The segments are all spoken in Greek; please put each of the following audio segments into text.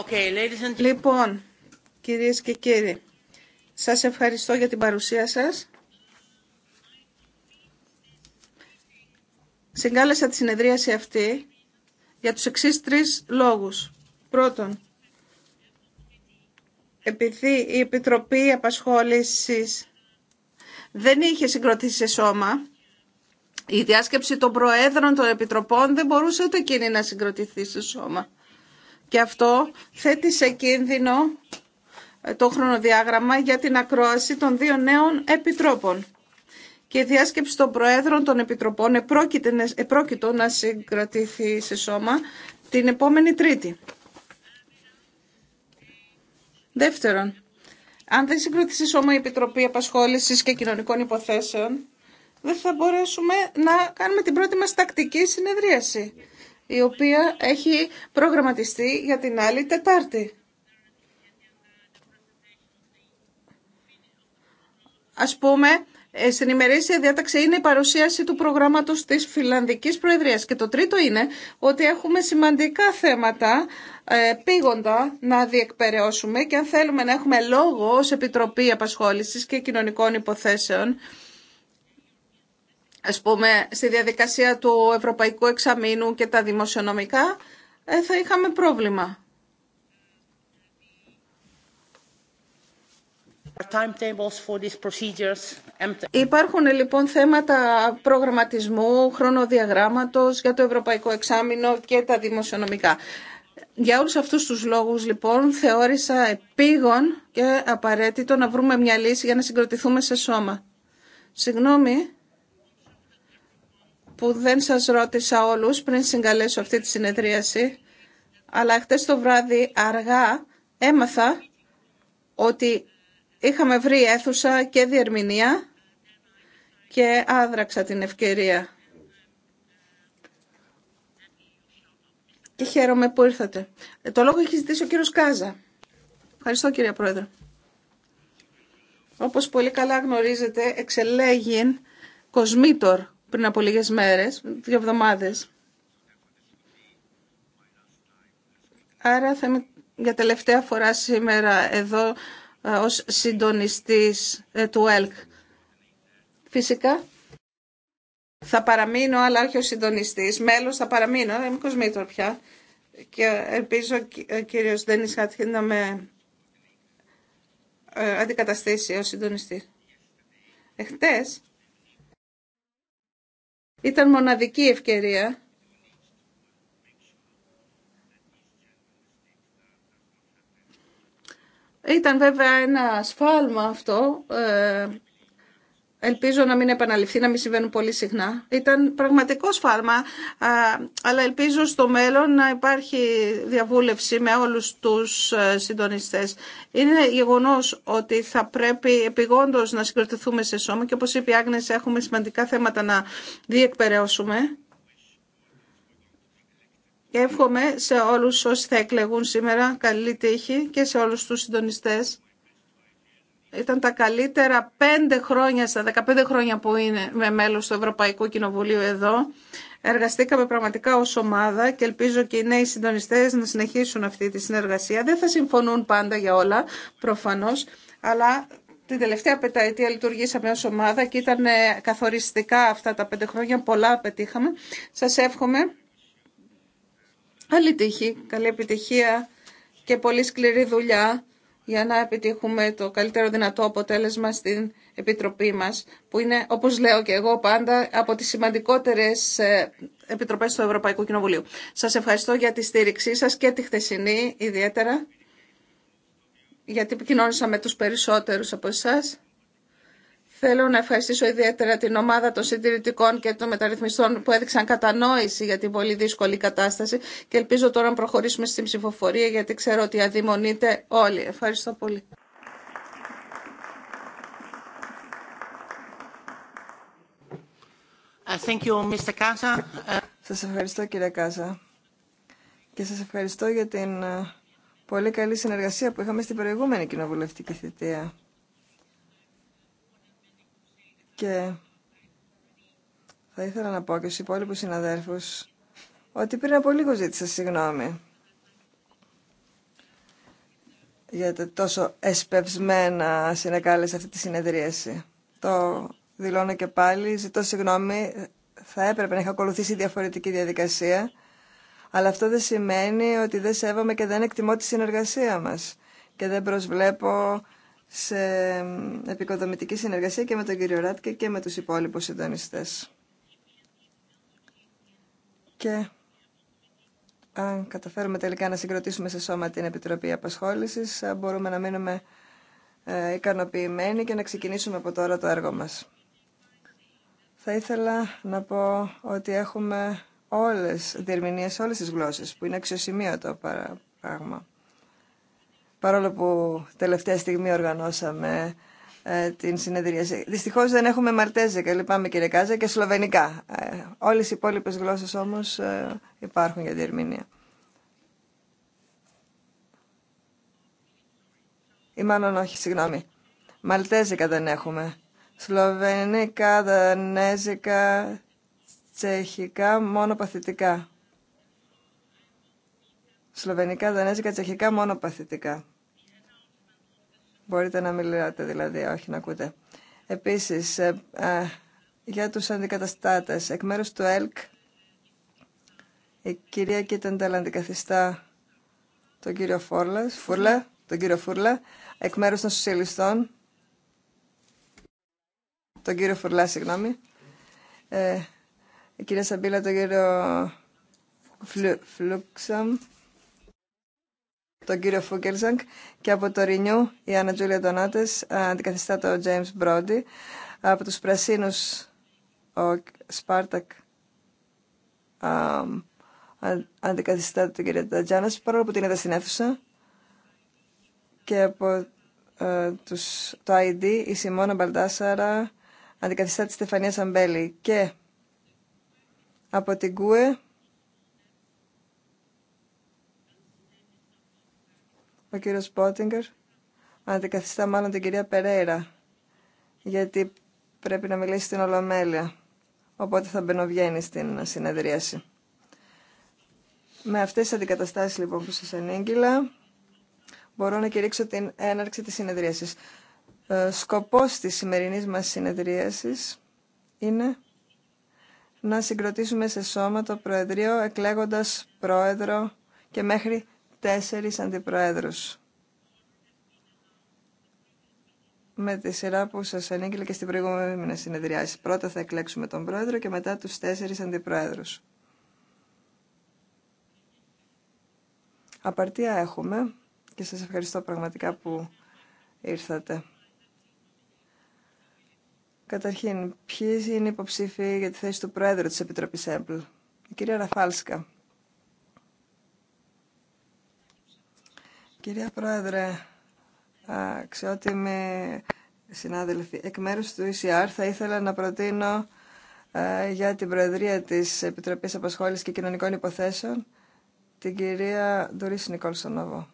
Okay, Λοιπόν, κυρίες και κύριοι, σας ευχαριστώ για την παρουσία σας. Συγκάλεσα τη συνεδρίαση αυτή για τους εξής τρεις λόγους. Πρώτον, επειδή η Επιτροπή Απασχόλησης δεν είχε συγκροτήσει σε σώμα, η διάσκεψη των Προέδρων των Επιτροπών δεν μπορούσε ούτε εκείνη να συγκροτηθεί σε σώμα. Και αυτό θέτει σε κίνδυνο ε, το χρονοδιάγραμμα για την ακρόαση των δύο νέων επιτρόπων. Και η διάσκεψη των Προέδρων των Επιτροπών επρόκειτο να συγκρατηθεί σε σώμα την επόμενη Τρίτη. Δεύτερον, αν δεν σε σώμα η Επιτροπή Απασχόλησης και Κοινωνικών Υποθέσεων, δεν θα μπορέσουμε να κάνουμε την πρώτη μας τακτική συνεδρίαση η οποία έχει προγραμματιστεί για την άλλη Τετάρτη. Ας πούμε, ε, στην ημερήσια διάταξη είναι η παρουσίαση του προγράμματος της Φιλανδικής Προεδρίας. Και το τρίτο είναι ότι έχουμε σημαντικά θέματα ε, πήγοντα να διεκπαιρεώσουμε και αν θέλουμε να έχουμε λόγο ως Επιτροπή Απασχόλησης και Κοινωνικών Υποθέσεων ας πούμε, στη διαδικασία του Ευρωπαϊκού Εξαμήνου και τα δημοσιονομικά, ε, θα είχαμε πρόβλημα. Υπάρχουν λοιπόν θέματα προγραμματισμού, χρονοδιαγράμματος για το Ευρωπαϊκό Εξάμεινο και τα δημοσιονομικά. Για όλους αυτούς τους λόγους λοιπόν θεώρησα επίγον και απαραίτητο να βρούμε μια λύση για να συγκροτηθούμε σε σώμα. Συγγνώμη που δεν σας ρώτησα όλους πριν συγκαλέσω αυτή τη συνεδρίαση, αλλά χτες το βράδυ αργά έμαθα ότι είχαμε βρει αίθουσα και διερμηνία και άδραξα την ευκαιρία. Και χαίρομαι που ήρθατε. Ε, το λόγο έχει ζητήσει ο κύριος Κάζα. Ευχαριστώ κύριε Πρόεδρε. Όπως πολύ καλά γνωρίζετε, εξελέγει κοσμήτορ πριν από λίγες μέρες, δύο εβδομάδες. Άρα θα είμαι για τελευταία φορά σήμερα εδώ ε, ως συντονιστής ε, του ΕΛΚ. Φυσικά θα παραμείνω, αλλά όχι ως συντονιστής. Μέλος θα παραμείνω, ε, είμαι κοσμήτρο πια. Και ελπίζω ο κύριος Ντένις Χάτχη να με αντικαταστήσει ως συντονιστή. Εχθές ήταν μοναδική ευκαιρία Ήταν βέβαια ένα σφάλμα αυτό ε, ελπίζω να μην επαναληφθεί, να μην συμβαίνουν πολύ συχνά. Ήταν πραγματικό σφάλμα, αλλά ελπίζω στο μέλλον να υπάρχει διαβούλευση με όλους τους ε, συντονιστές. Είναι γεγονός ότι θα πρέπει επιγόντως να συγκροτηθούμε σε σώμα και όπως είπε η Άγνες έχουμε σημαντικά θέματα να διεκπαιρεώσουμε. εύχομαι σε όλους όσοι θα εκλεγούν σήμερα καλή τύχη και σε όλους τους συντονιστές ήταν τα καλύτερα πέντε χρόνια, στα 15 χρόνια που είναι με μέλος του Ευρωπαϊκού Κοινοβουλίου εδώ. Εργαστήκαμε πραγματικά ως ομάδα και ελπίζω και οι νέοι συντονιστές να συνεχίσουν αυτή τη συνεργασία. Δεν θα συμφωνούν πάντα για όλα, προφανώς, αλλά την τελευταία πενταετία λειτουργήσαμε ως ομάδα και ήταν ε, καθοριστικά αυτά τα πέντε χρόνια, πολλά πετύχαμε. Σας εύχομαι άλλη τύχη, καλή επιτυχία και πολύ σκληρή δουλειά για να επιτύχουμε το καλύτερο δυνατό αποτέλεσμα στην Επιτροπή μας, που είναι, όπως λέω και εγώ πάντα, από τις σημαντικότερες ε, επιτροπές του Ευρωπαϊκού Κοινοβουλίου. Σας ευχαριστώ για τη στήριξή σας και τη χθεσινή ιδιαίτερα, γιατί επικοινώνησα με τους περισσότερους από εσάς. Θέλω να ευχαριστήσω ιδιαίτερα την ομάδα των συντηρητικών και των μεταρρυθμιστών που έδειξαν κατανόηση για την πολύ δύσκολη κατάσταση και ελπίζω τώρα να προχωρήσουμε στην ψηφοφορία γιατί ξέρω ότι αδειμονείτε όλοι. Ευχαριστώ πολύ. Uh, thank you, Mr. Uh, σας ευχαριστώ κύριε Κάσα και σας ευχαριστώ για την uh, πολύ καλή συνεργασία που είχαμε στην προηγούμενη κοινοβουλευτική θητεία. Και θα ήθελα να πω και στους υπόλοιπους συναδέρφους ότι πριν από λίγο ζήτησα συγγνώμη για τα τόσο εσπευσμένα συνεκάλεσε αυτή τη συνεδρίαση. Το δηλώνω και πάλι, ζητώ συγγνώμη, θα έπρεπε να είχα ακολουθήσει διαφορετική διαδικασία, αλλά αυτό δεν σημαίνει ότι δεν σέβομαι και δεν εκτιμώ τη συνεργασία μας και δεν προσβλέπω σε επικοδομητική συνεργασία και με τον κύριο Ράτκε και με τους υπόλοιπους συντονιστές. Και αν καταφέρουμε τελικά να συγκροτήσουμε σε σώμα την Επιτροπή Απασχόλησης, μπορούμε να μείνουμε ε, ικανοποιημένοι και να ξεκινήσουμε από τώρα το έργο μας. Θα ήθελα να πω ότι έχουμε όλες διερμηνίες, όλες τις γλώσσες, που είναι αξιοσημείωτο πράγμα παρόλο που τελευταία στιγμή οργανώσαμε ε, την συνεδρίαση. Δυστυχώ δεν έχουμε Μαλτέζικα, λυπάμαι κύριε Κάζα, και σλοβενικά. Ε, Όλε οι υπόλοιπε γλώσσε όμω ε, υπάρχουν για ερμηνεία. Ή μάλλον όχι, συγγνώμη. Μαλτέζικα δεν έχουμε. Σλοβενικά, δανέζικα, τσεχικά, μόνο παθητικά σλοβενικά, δανέζικα, τσεχικά, μόνο παθητικά. Μπορείτε να μιλάτε δηλαδή, όχι να ακούτε. Επίσης, ε, για τους αντικαταστάτες, εκ μέρους του ΕΛΚ, η κυρία Κίτενταλ αντικαθιστά τον κύριο Φούρλα, τον κύριο Φούρλα, εκ μέρους των σοσιαλιστών, τον κύριο Φουρλά, συγγνώμη, ε, η κυρία Σαμπίλα, τον κύριο Φλούξαμ, τον κύριο Φούγκελζανκ και από το Ρινιού η Άννα Τζούλια Ντονάτες ε, αντικαθιστά το Τζέιμς Μπρόντι. Από τους Πρασίνους ο Σπάρτακ ε, αντικαθιστά τον κύριο Τατζάνας παρόλο που την είδα στην αίθουσα και από ε, τους, το ID η Σιμώνα Μπαλτάσαρα αντικαθιστά τη Στεφανία Σαμπέλη και από την ΚΟΕ Ο κύριος Πότιγκερ αντικαθιστά μάλλον την κυρία Περέιρα, γιατί πρέπει να μιλήσει στην Ολομέλεια, οπότε θα μπαινοβγαίνει στην συνεδρίαση. Με αυτές τις αντικαταστάσεις λοιπόν που σας ανήγγυλα, μπορώ να κηρύξω την έναρξη της συνεδρίασης. Ε, σκοπός της σημερινής μας συνεδρίασης είναι να συγκροτήσουμε σε σώμα το Προεδρείο εκλέγοντας Πρόεδρο και μέχρι τέσσερις αντιπροέδρους. Με τη σειρά που σας ανήγγειλε και στην προηγούμενη συνεδριάση. Πρώτα θα εκλέξουμε τον πρόεδρο και μετά τους τέσσερις αντιπροέδρους. Απαρτία έχουμε και σας ευχαριστώ πραγματικά που ήρθατε. Καταρχήν, ποιοι είναι οι υποψήφοι για τη θέση του Πρόεδρου της Επιτροπής ΕΜΠΛ. Η κυρία Ραφάλσκα. Κυρία Πρόεδρε, αξιότιμοι συνάδελφοι, εκ μέρους του ECR θα ήθελα να προτείνω ε, για την Προεδρία της Επιτροπής Απασχόλησης και Κοινωνικών Υποθέσεων την κυρία Ντουρίση Νικόλσονόβο.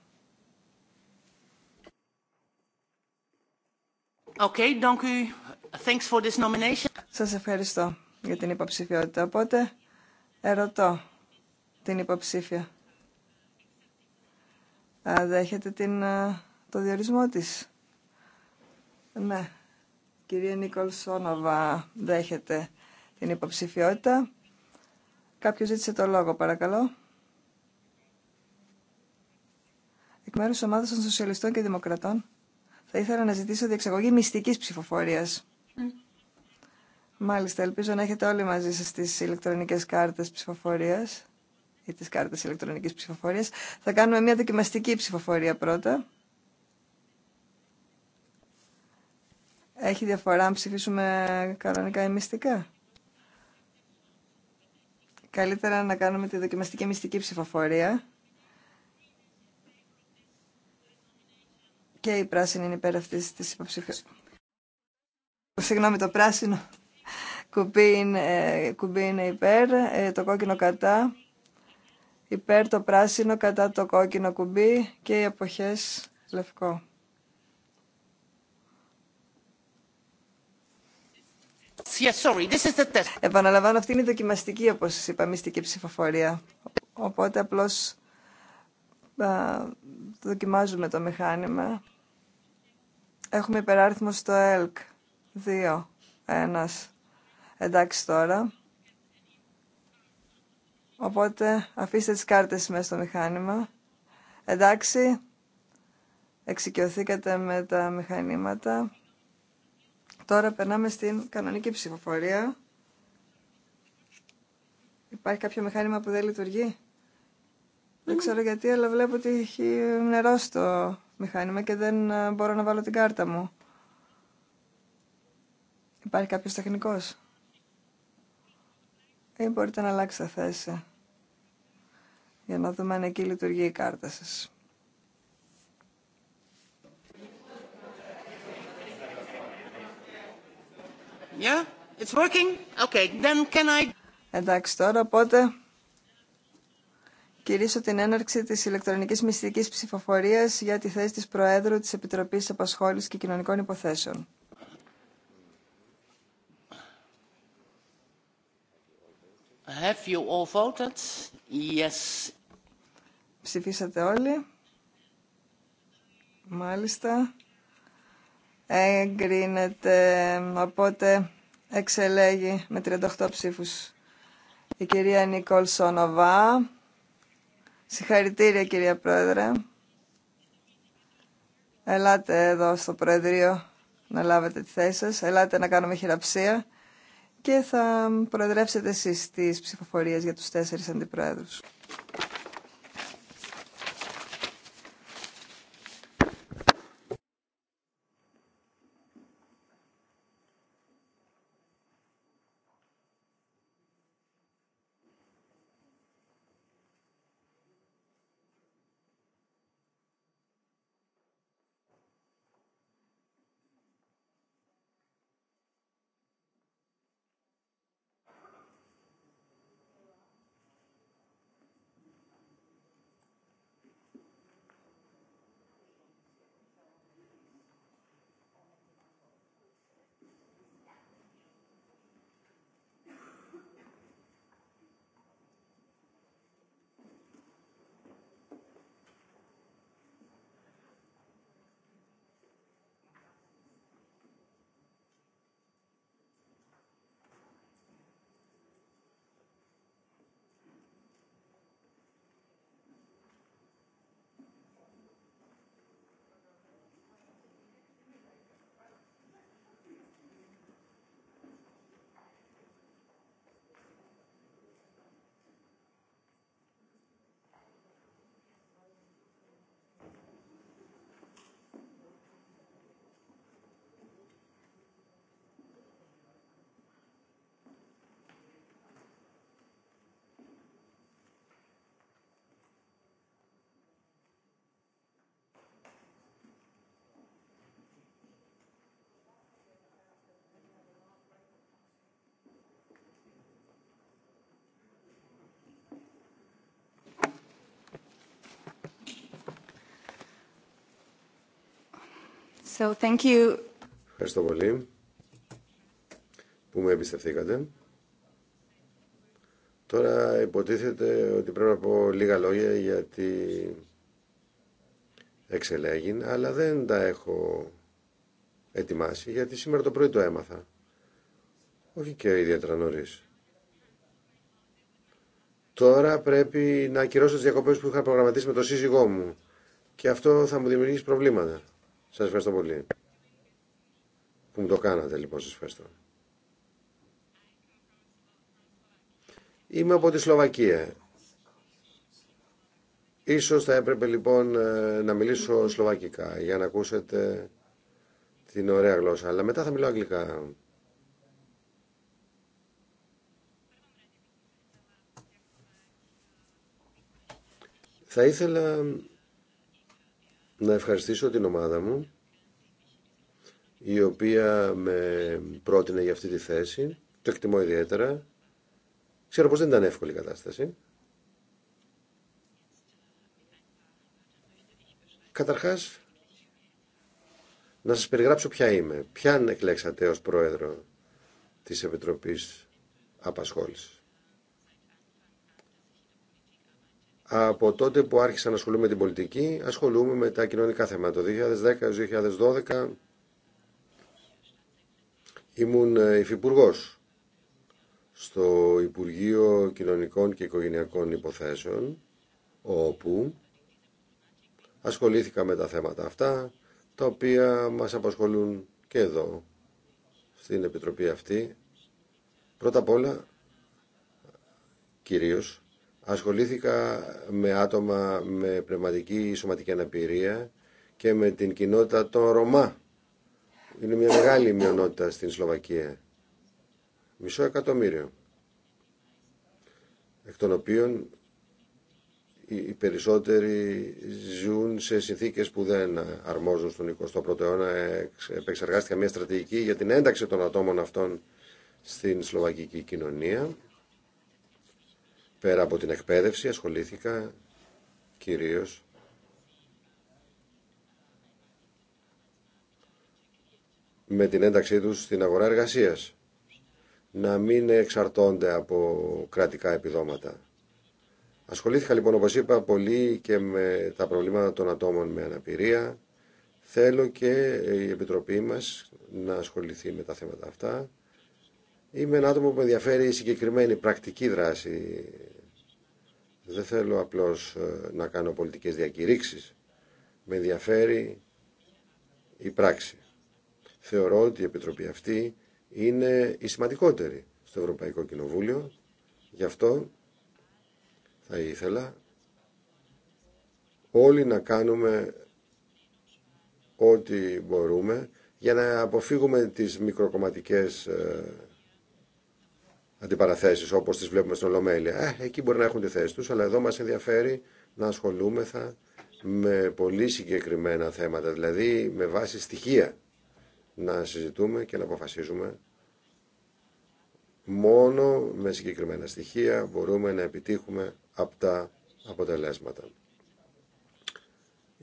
Okay, thank you. Thanks for this nomination. Σας ευχαριστώ για την υποψηφιότητα. Οπότε, ερωτώ την υποψήφια δέχεται την, ε, το διορισμό της. Ναι, κυρία Σόνοβα δέχεται την υποψηφιότητα. Κάποιος ζήτησε το λόγο, παρακαλώ. Εκ μέρους ομάδας των Σοσιαλιστών και Δημοκρατών θα ήθελα να ζητήσω διεξαγωγή μυστικής ψηφοφορίας. Μάλιστα, ελπίζω να έχετε όλοι μαζί σας τις ηλεκτρονικές κάρτες ψηφοφορίας ή τις κάρτες ηλεκτρονικής ψηφοφορίας. Θα κάνουμε μια δοκιμαστική ψηφοφορία πρώτα. Έχει διαφορά αν ψηφίσουμε κανονικά ή μυστικά. Καλύτερα να κάνουμε τη δοκιμαστική μυστική ψηφοφορία. Και η πράσινη είναι υπέρ αυτής της υποψηφίας. Συγγνώμη, το πράσινο κουμπί είναι, ε, κουμπί είναι υπέρ, ε, το κόκκινο κατά, υπέρ το πράσινο κατά το κόκκινο κουμπί και οι εποχές λευκό. sorry. This is the test. Επαναλαμβάνω, αυτή είναι η δοκιμαστική, όπως σας είπα, μυστική ψηφοφορία. Οπότε απλώς δοκιμάζουμε το μηχάνημα. Έχουμε υπεράριθμο στο ΕΛΚ. Δύο. Ένας. Εντάξει τώρα. Οπότε αφήστε τις κάρτες μέσα στο μηχάνημα. Εντάξει, εξοικειωθήκατε με τα μηχανήματα. Τώρα περνάμε στην κανονική ψηφοφορία. Υπάρχει κάποιο μηχάνημα που δεν λειτουργεί. Δεν ξέρω γιατί, αλλά βλέπω ότι έχει νερό στο μηχάνημα και δεν ε, μπορώ να βάλω την κάρτα μου. Υπάρχει κάποιος τεχνικός ή μπορείτε να αλλάξετε θέση για να δούμε αν εκεί λειτουργεί η κάρτα σας. Yeah, it's working. Okay, then can I... Εντάξει τώρα, οπότε κηρύσω την έναρξη της ηλεκτρονικής μυστικής ψηφοφορίας για τη θέση της Προέδρου της Επιτροπής Απασχόλησης και Κοινωνικών Υποθέσεων. Have you all Ψηφίσατε όλοι. Μάλιστα. Εγκρίνεται. Οπότε εξελέγει με 38 ψήφους η κυρία Νικόλ Σόνοβα. Συγχαρητήρια κυρία Πρόεδρε. Ελάτε εδώ στο Προεδρείο να λάβετε τη θέση σας. Ελάτε να κάνουμε χειραψία και θα προεδρεύσετε εσείς τις ψηφοφορίες για τους τέσσερις αντιπρόεδρους. So, thank you. Ευχαριστώ πολύ που με εμπιστευθήκατε. Τώρα υποτίθεται ότι πρέπει να πω λίγα λόγια γιατί εξελέγην, αλλά δεν τα έχω ετοιμάσει γιατί σήμερα το πρωί το έμαθα. Όχι και ιδιαίτερα νωρίς. Τώρα πρέπει να ακυρώσω τις διακοπές που είχα προγραμματίσει με τον σύζυγό μου και αυτό θα μου δημιουργήσει προβλήματα. Σας ευχαριστώ πολύ που μου το κάνατε λοιπόν. Σας ευχαριστώ. Είμαι από τη Σλοβακία. Ίσως θα έπρεπε λοιπόν ε, να μιλήσω σλοβακικά για να ακούσετε την ωραία γλώσσα. Αλλά μετά θα μιλάω αγγλικά. Θα ήθελα να ευχαριστήσω την ομάδα μου η οποία με πρότεινε για αυτή τη θέση. Το εκτιμώ ιδιαίτερα. Ξέρω πως δεν ήταν εύκολη η κατάσταση. Καταρχάς, να σας περιγράψω ποια είμαι. Ποιαν εκλέξατε ως πρόεδρο της Επιτροπής Απασχόλησης. Από τότε που άρχισα να ασχολούμαι με την πολιτική, ασχολούμαι με τα κοινωνικά θέματα. Το 2010-2012 ήμουν ε, υφυπουργό στο Υπουργείο Κοινωνικών και Οικογενειακών Υποθέσεων, όπου ασχολήθηκα με τα θέματα αυτά, τα οποία μας απασχολούν και εδώ, στην Επιτροπή αυτή. Πρώτα απ' όλα, κυρίως, Ασχολήθηκα με άτομα με πνευματική ή σωματική αναπηρία και με την κοινότητα των Ρωμά. Είναι μια μεγάλη μειονότητα στην Σλοβακία. Μισό εκατομμύριο. Εκ των οποίων οι περισσότεροι ζουν σε συνθήκες που δεν αρμόζουν στον 21ο αιώνα. Επεξεργάστηκα μια στρατηγική για την ένταξη των ατόμων αυτών στην σλοβακική κοινωνία. Πέρα από την εκπαίδευση ασχολήθηκα κυρίως με την ένταξή τους στην αγορά εργασίας. Να μην εξαρτώνται από κρατικά επιδόματα. Ασχολήθηκα λοιπόν όπως είπα πολύ και με τα προβλήματα των ατόμων με αναπηρία. Θέλω και η Επιτροπή μας να ασχοληθεί με τα θέματα αυτά. Είμαι ένα άτομο που με ενδιαφέρει η συγκεκριμένη πρακτική δράση δεν θέλω απλώς ε, να κάνω πολιτικές διακηρύξεις. Με ενδιαφέρει η πράξη. Θεωρώ ότι η Επιτροπή αυτή είναι η σημαντικότερη στο Ευρωπαϊκό Κοινοβούλιο. Γι' αυτό θα ήθελα όλοι να κάνουμε ό,τι μπορούμε για να αποφύγουμε τις μικροκομματικές ε, αντιπαραθέσεις όπως τις βλέπουμε στην Ολομέλεια. Ε, εκεί μπορεί να έχουν τη θέση τους, αλλά εδώ μας ενδιαφέρει να ασχολούμεθα με πολύ συγκεκριμένα θέματα, δηλαδή με βάση στοιχεία να συζητούμε και να αποφασίζουμε μόνο με συγκεκριμένα στοιχεία μπορούμε να επιτύχουμε αυτά αποτελέσματα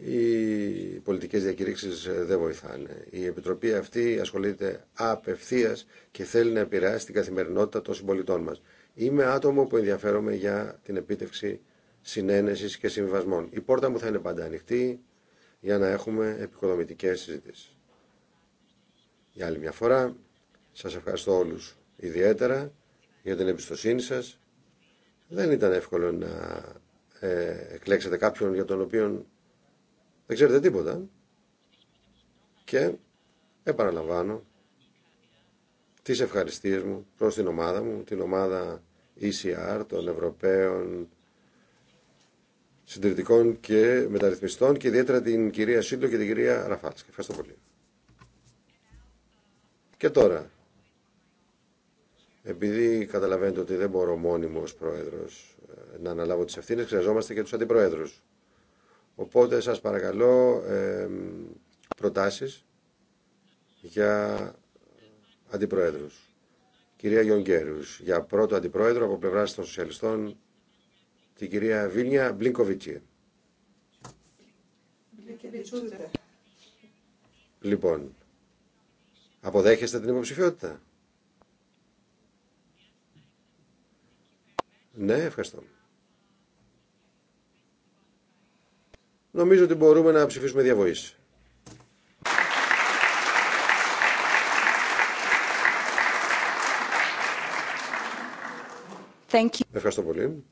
οι πολιτικές διακηρύξεις δεν βοηθάνε. Η Επιτροπή αυτή ασχολείται απευθείας και θέλει να επηρεάσει την καθημερινότητα των συμπολιτών μας. Είμαι άτομο που ενδιαφέρομαι για την επίτευξη συνένεσης και συμβιβασμών. Η πόρτα μου θα είναι πάντα ανοιχτή για να έχουμε επικοδομητικές συζητήσεις. Για άλλη μια φορά, σας ευχαριστώ όλους ιδιαίτερα για την εμπιστοσύνη σας. Δεν ήταν εύκολο να ε, εκλέξετε κάποιον για τον οποίο δεν ξέρετε τίποτα. Και επαναλαμβάνω τις ευχαριστίες μου προς την ομάδα μου, την ομάδα ECR των Ευρωπαίων Συντηρητικών και Μεταρρυθμιστών και ιδιαίτερα την κυρία Σύντο και την κυρία Ραφάλσκη. Ευχαριστώ πολύ. Και τώρα, επειδή καταλαβαίνετε ότι δεν μπορώ μόνιμος πρόεδρος ε, να αναλάβω τις ευθύνες, χρειαζόμαστε και τους αντιπρόεδρους. Οπότε σας παρακαλώ ε, προτάσεις για αντιπροέδρους. Κυρία Γιονγκέρους, για πρώτο αντιπρόεδρο από πλευράς των σοσιαλιστών, την κυρία Βίλνια Μπλίνκοβιτσίε. Λοιπόν, αποδέχεστε την υποψηφιότητα. Ναι, ευχαριστώ. Νομίζω ότι μπορούμε να ψηφίσουμε διαβοής. Thank you. Ευχαριστώ πολύ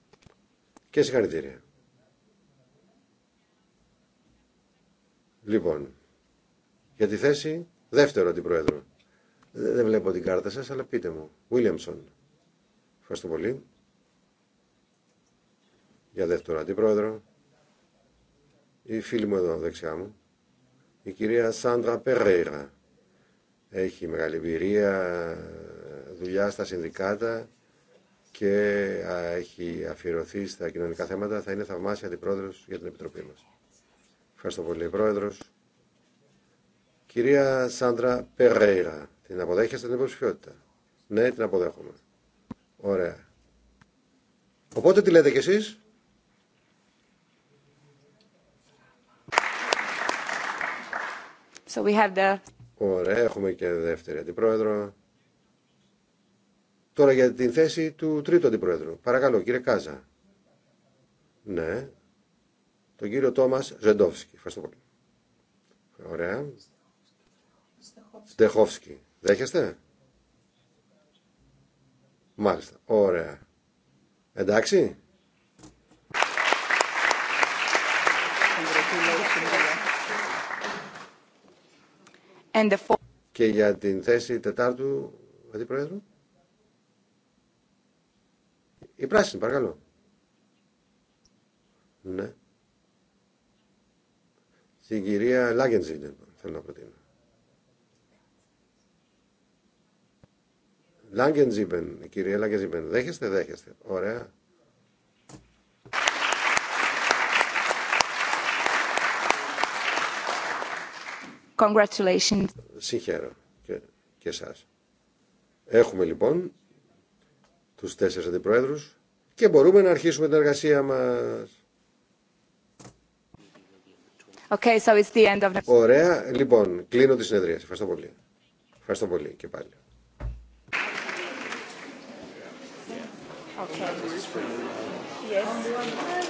και συγχαρητήρια. Λοιπόν, για τη θέση δεύτερο αντιπρόεδρο. Δεν βλέπω την κάρτα σας, αλλά πείτε μου. Βίλιαμσον. Ευχαριστώ πολύ. Για δεύτερο αντιπρόεδρο η φίλη μου εδώ δεξιά μου, η κυρία Σάντρα Περέιρα. Έχει μεγάλη εμπειρία, δουλειά στα συνδικάτα και έχει αφιερωθεί στα κοινωνικά θέματα. Θα είναι θαυμάσια αντιπρόεδρος για την Επιτροπή μας. Ευχαριστώ πολύ, Πρόεδρος. Κυρία Σάντρα Περέιρα, την αποδέχεστε την υποψηφιότητα. Ναι, την αποδέχομαι. Ωραία. Οπότε τι λέτε κι εσείς. So we have the... Ωραία, έχουμε και δεύτερη αντιπρόεδρο. Τώρα για την θέση του τρίτου αντιπρόεδρου. Παρακαλώ, κύριε Κάζα. Ναι. Τον κύριο Τόμας Ζεντόφσκι. Ευχαριστώ πολύ. Ωραία. Στεχόφσκι. Δέχεστε. Μάλιστα. Ωραία. Εντάξει. Και για την θέση τετάρτου αντιπρόεδρου. Η πράσινη, παρακαλώ. Ναι. Στην κυρία Λάγκεντζίντερ, θέλω να προτείνω. Λάγκεντζίμπεν, κυρία Λάγκεντζίμπεν, δέχεστε, δέχεστε. Ωραία. Congratulations. Συγχαίρω και, και Έχουμε λοιπόν τους τέσσερις αντιπρόεδρους και μπορούμε να αρχίσουμε την εργασία μας. Okay, so it's the end of the... Ωραία. Λοιπόν, κλείνω τη συνεδρία. Ευχαριστώ πολύ. Ευχαριστώ πολύ και πάλι. Okay.